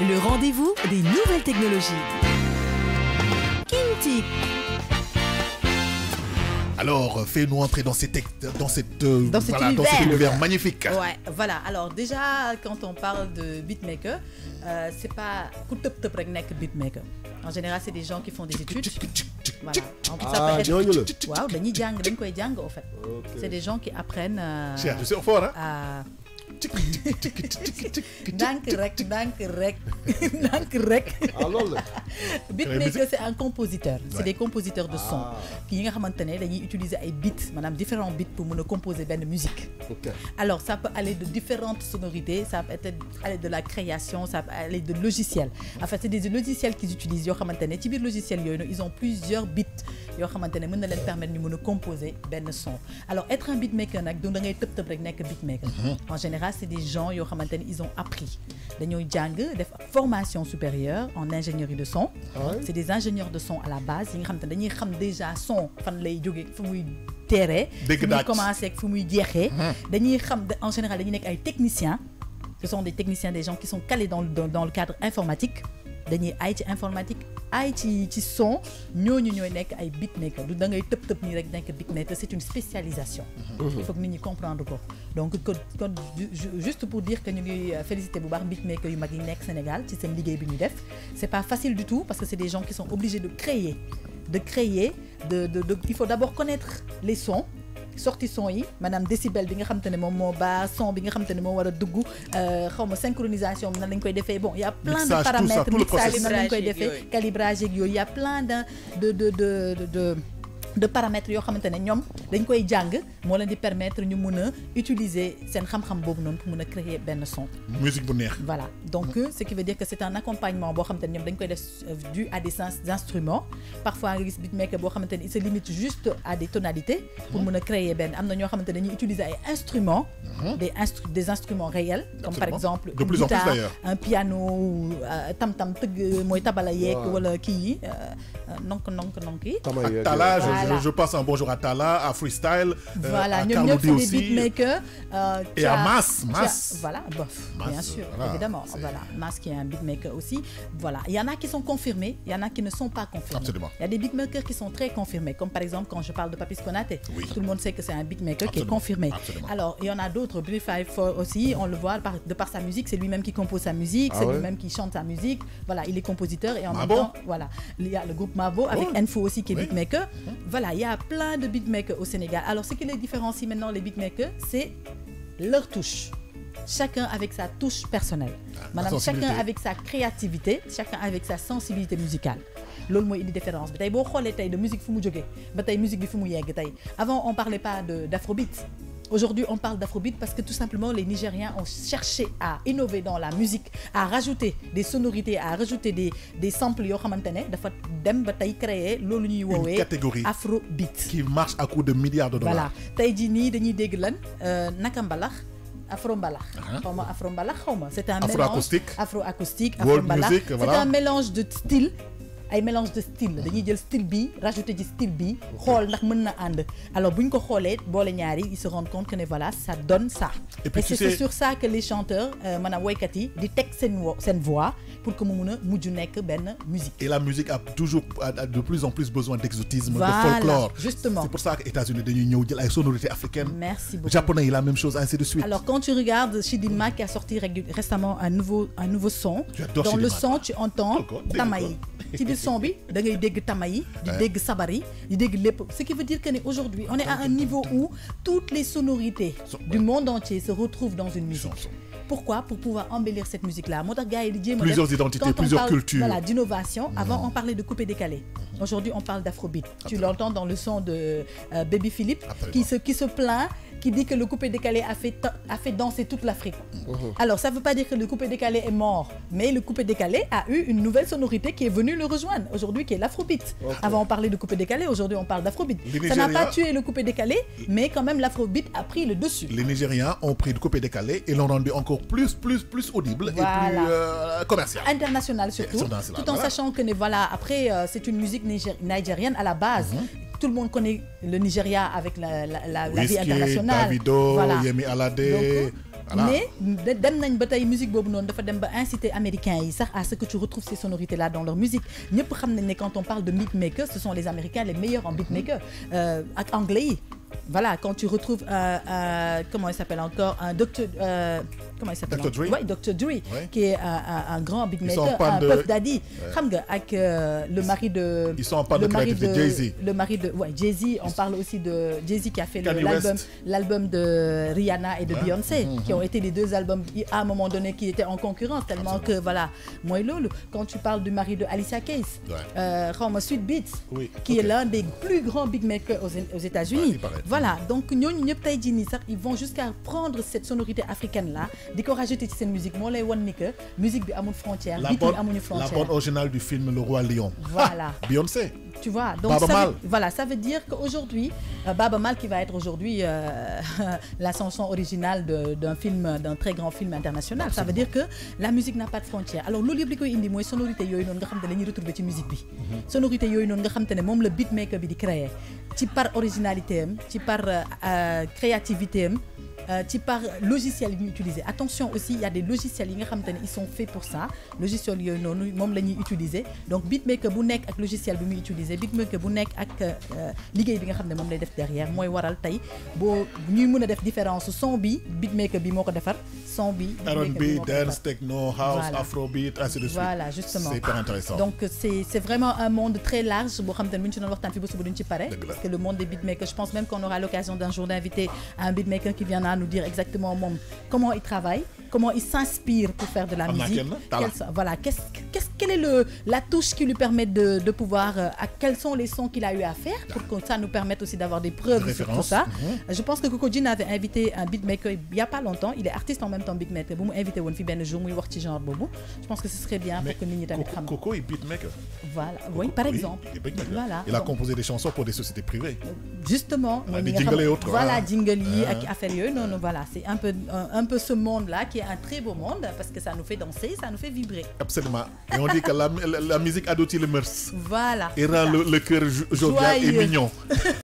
le rendez-vous des nouvelles technologies. Kinti. Alors, euh, fais-nous entrer dans, dans, cette, euh, dans, cet univers magnifique. Ouais, voilà. Alors, déjà, quand on parle de beatmaker, euh, c'est pas beatmaker. En général, c'est des gens qui font des études. Voilà. En ah, ça peut C'est des gens qui apprennent euh, fort, hein? Dank rek dank rek dank rek. Ah, beatmaker c'est un compositeur. c'est des compositeurs de son. Ah. qui, nga des bits, beats différents bits pour composer une musique. alors ça peut aller de différentes sonorités ça peut aller de la création ça peut aller de logiciels. en fait c'est des logiciels qu'ils utilisent logiciel ils ont plusieurs beats yoo xamante ne mën na leen permettre ñu mën a composer benn son alors être un beatmaker nag du da ngay tëb tëb rek nekk beatmaker mhm. en général c'est des gens yoo xamante ne ils ont appris dañoo jàng def formation supérieure en ingénierie de son ah c'est des ingénieurs de son à la base yi nga xamante ne dañuy xam déjà son fan lay jóge fu muy teeree fu muy commencé ak fu muy jeexee mhm. dañuy xam en général dañuy nekk ay techniciens ce sont des techniciens des gens qui sont calés dans dans, dans le cadre informatique dañuy ay ci informatique aay ci ci son ñooñu ñooy nekk ay beatmaker du da ngay tëb tëb nii rek nekk beatmaker c'est une spécialisation. Mm-hmm. il faut que nit ñi comprendre ko. donc que kon juste pour dire que ñu ngi euh, féliciter bu baax beatmaker yu mag yi nekk Sénégal ci seen liggéey bi ñu def c'est pas facile du tout parce que c'est des gens qui sont obligés de créer de créer de de de il faut d'abord connaître les sons sorti son yi maanaam décibel bi nga xam te ne moom moo bas son bi nga xam te ne moo war a dugg euh, xaw ma synchronisation nan lañ koy defee bon y' a plein de paramètres mixage nan lañ koy defee calibrage yeeg yooyu y' a plein de de de de de de paramètres yo xamantene ñom dañ koy jang mo leen di permettre ñu mëna utiliser sen xam-xam bobu non pour mëna créer ben son. musique bu neex. voilà donc ce qui veut dire que c'est un accompagnement bo xamantene ñom dañ koy def euh, dû à des instruments parfois un beatmaker bo xamantene il se limite juste à des tonalités. pour mëna a créer ben amna na ñoo xamante dañuy utiliser ay instruments. Mhm. des instru des instruments réels. comme par exemple une guitare un piano euh, tam-tam teug moy tabala yeeg wala kii yi nonk nonk nonki, yi. Je, passe un bonjour à Tala, à Freestyle, euh, à Carlo D aussi. euh, et à Mas, Mas. Voilà, bof, bien sûr, évidemment. Voilà, Mas qui est un beatmaker aussi. Voilà, il y en a qui sont confirmés, il y en a qui ne sont pas confirmés. Il y a des beatmakers qui sont très confirmés, comme par exemple quand je parle de Papis Konate, Tout le monde sait que c'est un beatmaker qui est confirmé. Alors, il y en a d'autres, Blue Five aussi, on le voit de par sa musique, c'est lui-même qui compose sa musique, ah c'est lui-même qui chante sa musique. Voilà, il est compositeur et en même temps, voilà, il y a le groupe Mavo avec Enfo oh. aussi qui est beatmaker. Mmh voilà, il y a plein de beatmakers au Sénégal. Alors, ce qui les différencie maintenant, les beatmakers, c'est leur touche. Chacun avec sa touche personnelle. Ah, Madame, chacun avec sa créativité, chacun avec sa sensibilité musicale. C'est indi différence différent. On de musique musique bi avant on parlait pas d'afrobeat Aujourd'hui, on parle d'afrobeat parce que tout simplement, les Nigériens ont cherché à innover dans la musique, à rajouter des sonorités, à rajouter des, des samples yoo dafa catégorie afrobeat qui marche à coup de milliards de dollars. voilà euh, ah. c'est un afro acoustique afro c'est un mélange de styles ay mélange de style dañuy jël style rajouter style bi xool ndax mën na alors buñ ko xoolee boole ils se rendent compte que voilà ça donne ça et, c'est sur ça que les chanteurs euh, maanaam woykat yi di teg voix pour que mu a musique et la musique a toujours de plus en plus besoin d'exotisme de folklore justement c'est pour ça que États-Unis dañuy ñëw jël ay sonorités africaines merci beaucoup japonais la même chose ainsi de suite alors quand tu regardes Shidima qui a sorti récemment un nouveau un nouveau son dans le son tu entends Tamayi ce qui veut dire qu'aujourd'hui, aujourd'hui on est à un niveau où toutes les sonorités du monde entier se retrouvent dans une musique pourquoi pour pouvoir embellir cette musique là plusieurs identités plusieurs cultures d'innovation avant on parlait de coupé décalé Aujourd'hui, on parle d'afrobeat. Tu l'entends dans le son de euh, Baby Philippe qui se, qui se plaint, qui dit que le coupé décalé a fait, a fait danser toute l'Afrique. Mm-hmm. Alors, ça ne veut pas dire que le coupé décalé est mort, mais le coupé décalé a eu une nouvelle sonorité qui est venue le rejoindre aujourd'hui, qui est l'afrobeat. Avant, on parlait de coupé décalé, aujourd'hui, on parle d'afrobeat. Ça n'a pas tué le coupé décalé, mais quand même, l'afrobeat a pris le dessus. Les Nigériens ont pris le coupé décalé et l'ont rendu encore plus, plus, plus audible et plus euh, commercial. International surtout, tout en sachant que, voilà, après, euh, c'est une musique nigérienne à la base. Mhm. tout le monde connaît le Nigeria avec la, la, la, vie internationale. voilà. Mais dem nañ a musique bobu américains à ce que tu retrouves ces sonorités là dans leur musique. mieux xam nañ quand on parle de beatmaker, ce sont les américains les meilleurs en beatmaker euh anglais. Voilà, quand tu retrouves euh, euh, comment il s'appelle encore un docteur euh, comment il s'appelle Dr. Dre Oui, Dr. Dre qui est un, grand big maker euh, un de... Puff Daddy euh, le mari de ils sont en de de... Jay-Z le mari de ouais Jay-Z on parle aussi de Jay-Z qui a fait l'album de Rihanna et de Beyoncé mm-hmm. qui ont été les deux albums à un moment donné qui étaient en concurrence tellement que voilà moi et quand tu parles du mari de Alicia Keys euh, Sweet Beats qui est l'un des plus grands big makers aux, aux États-Unis voilà donc ils vont jusqu'à prendre cette sonorité africaine là di ko rajouter cette musique moi, lay one ni que musique bi amul frontière. la bande frontière la bande originale du film Le Roi Lion. voilà Beyoncé. tu vois donc Baba ça Mal. voilà ça veut dire qu'aujourd'hui, aujourd'hui euh, Baba Mal qui va être aujourd'hui euh, la originale d'un film d'un très grand film international. ça veut dire que la musique n'a pas de frontières. alors loolu yëpp li koy indi mooy sonorité yoy non nga xam te la retrouver ci musique bi. Mhm. sonorité yoy non nga xam te ne le beatmaker bi di créer ci par originalité ci par euh, euh, créativité Type euh, par logiciel utilisé. attention aussi il y a des logiciels yi ne ils sont faits pour ça logiciel non noonu moom la utiliser donc beatmaker bu nekk ak logiciel bi muy utiliser beatmaker bu nekk ak euh, liguey bi nga xamne mom lay def derrière moy waral tay bo ñuy mëna def différence son bi beatmaker bi moko défar, son bi. R&B dance techno house afrobeat ainsi de suite. voilà justement c'est hyper intéressant. donc c'est c'est vraiment un monde très large bo xam te ne bu ñu ci doon waxtaan fii ba suba ci parce que le monde des beatmakers je pense même qu'on aura l'occasion d'un jour d'inviter un beatmaker qui vient nous dire exactement comment ils travaillent comment il s'inspire pour faire de la musique voilà quest quest quelle est le la touche qui lui permet de pouvoir euh, quels sont les sons qu'il a eu à faire pour que ça nous permette aussi d'avoir des preuves sur tout ça mhm. je pense que Coco Jean avait invité un beatmaker il n'y a pas longtemps il est artiste en même temps beatmaker Vous invité jour genre je pense que ce serait bien pour que Nini Coco est beatmaker voilà oui par exemple voilà il a composé des chansons pour des sociétés privées justement voilà hein. jingle yi hein. ak affaire Non, non. voilà c'est un peu un peu ce monde là qui un très beau monde parce que ça nous fait danser, ça nous fait vibrer. Absolument. Et on dit que la, musique adoucit les mœurs. Voilà. Et rend le, cœur jovial et mignon.